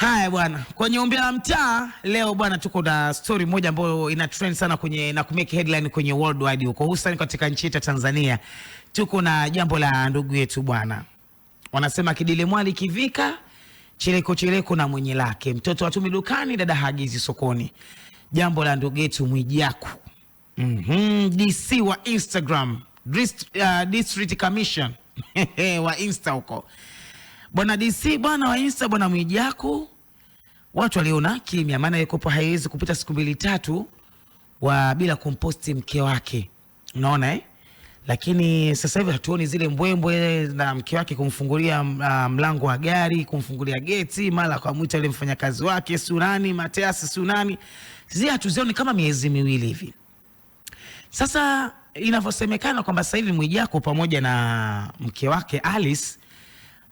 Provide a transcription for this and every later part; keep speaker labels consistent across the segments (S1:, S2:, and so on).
S1: Haya bwana, kwenye umbea la mtaa leo bwana, tuko na story moja ambayo ina trend sana kwenye na kumake headline kwenye worldwide huko, hususan katika nchi yetu ya Tanzania. Tuko na jambo la ndugu yetu bwana, wanasema kidile mwali kivika, chileko chileko na mwenye lake, mtoto hatumi dukani, dada hagizi sokoni. Jambo la ndugu yetu Mwijaku mm -hmm. DC wa Instagram District, uh, District Commission wa Insta huko Bwana DC, bwana wa Insta, bwana Mwijaku, watu waliona kimya, maana Yekopo haiwezi kupita siku mbili tatu wa bila kumposti mke wake, unaona eh? Lakini sasa hivi hatuoni zile mbwembwe na mke wake kumfungulia ah, mlango wa gari, kumfungulia geti, mara mwita ile mfanyakazi wake sunani Mateasi sunani, zi hatuzioni kama miezi miwili hivi sasa inavyosemekana kwamba sasa hivi Mwijaku pamoja na mke wake Alice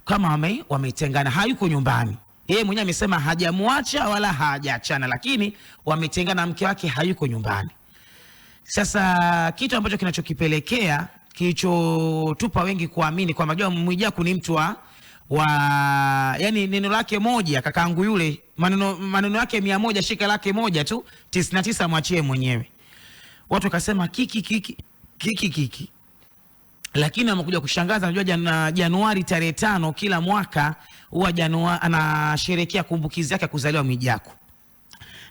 S1: kama wame, wametengana, hayuko nyumbani. Yeye mwenyewe amesema hajamwacha wala hajaachana, lakini wametengana, mke wake hayuko nyumbani. Sasa kitu ambacho kinachokipelekea kilichotupa wengi kuamini kwamba jua Mwijaku ni mtu wa wa yani, neno lake moja kakaangu yule, maneno maneno yake mia moja shika lake moja tu, tisini na tisa mwachie mwenyewe. Watu wakasema kiki kiki kiki kiki lakini amekuja kushangaza. Najua jana Januari tarehe tano kila mwaka huwa Januari anasherehekea kumbukizi yake ya kuzaliwa Mwijaku,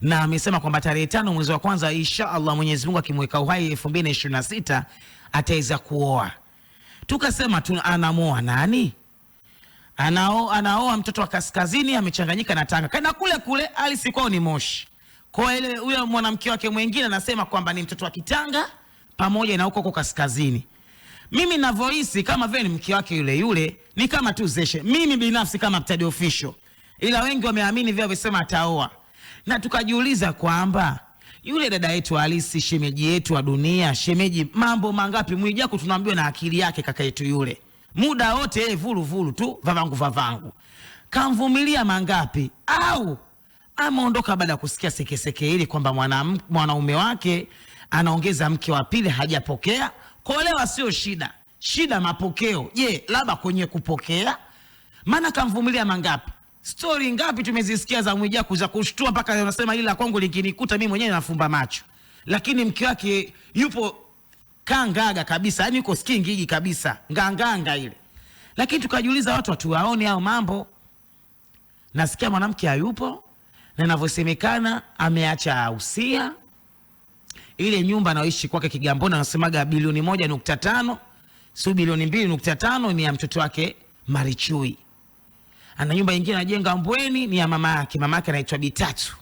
S1: na amesema kwamba tarehe tano mwezi wa kwanza, insha Allah, Mwenyezi Mungu akimweka uhai 2026 ataweza kuoa. Tukasema tu anamoa nani? Anao, anaoa mtoto wa kaskazini amechanganyika na Tanga, kana kule kule alisikao ni Moshi. Kwa ile huyo mwanamke wake mwingine anasema kwamba ni mtoto wa Kitanga pamoja na huko huko kaskazini mimi navyohisi kama vile ni mke wake yule yule, ni kama tu zeshe. Mimi binafsi kama mtadi official, ila wengi wameamini vile wamesema ataoa, na tukajiuliza kwamba yule dada yetu halisi, shemeji yetu wa dunia, shemeji mambo mangapi, Mwijaku tunaambiwa na akili yake, kaka yetu yule, muda wote yeye vulu vulu tu, vavangu vavangu, kamvumilia mangapi? Au ameondoka baada ya kusikia sekeseke hili kwamba mwanaume wake anaongeza mke wa pili, hajapokea Kuolewa sio shida, shida mapokeo. Je, labda kwenye kupokea? Maana kamvumilia mangapi? Stori ngapi tumezisikia za Mwijaku za kushtua mpaka anasema ila kwangu likinikuta mimi mwenyewe nafumba macho, lakini mke wake yupo kangaga kabisa, yani yuko skingigi kabisa, nganganga ile. Lakini tukajiuliza watu hatuwaone hao mambo. Nasikia mwanamke hayupo na inavyosemekana ameacha usia, ile nyumba anayoishi kwake Kigamboni, anasemaga bilioni moja nukta tano sio bilioni mbili nukta tano ni ya mtoto wake Marichui. Ana nyumba nyingine anajenga Mbweni, ni ya mama yake, mama yake anaitwa Bitatu,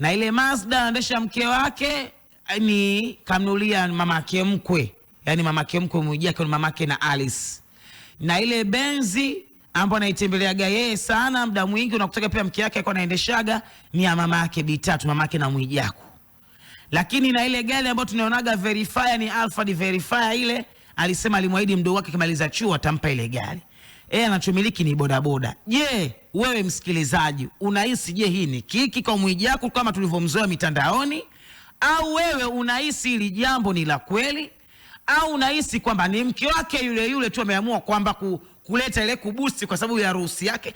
S1: na ile Mazda anaendesha mke wake ni kamnulia mama yake mkwe, yani mama yake mkwe mwijake ni mama yake na Alice, na ile Benzi ambayo anaitembeleaga yeye sana muda mwingi, unakutoka pia mke wake alikuwa anaendeshaga, ni ya mama yake Bitatu, mama yake na Mwijaku. Lakini na ile gari ambayo tunaonaga verifier ni Alphard verifier ile, alisema alimwahidi mdogo wake kimaliza chuo atampa ile gari. Yeye anachomiliki ni bodaboda. Je, wewe msikilizaji unahisi je, hii ni kiki kwa Mwijaku kama tulivyomzoea mitandaoni, au wewe unahisi ili jambo ni la kweli, au unahisi kwamba ni mke wake yule yule tu ameamua kwamba kuleta ile kubusi kwa sababu ya ruhusi yake?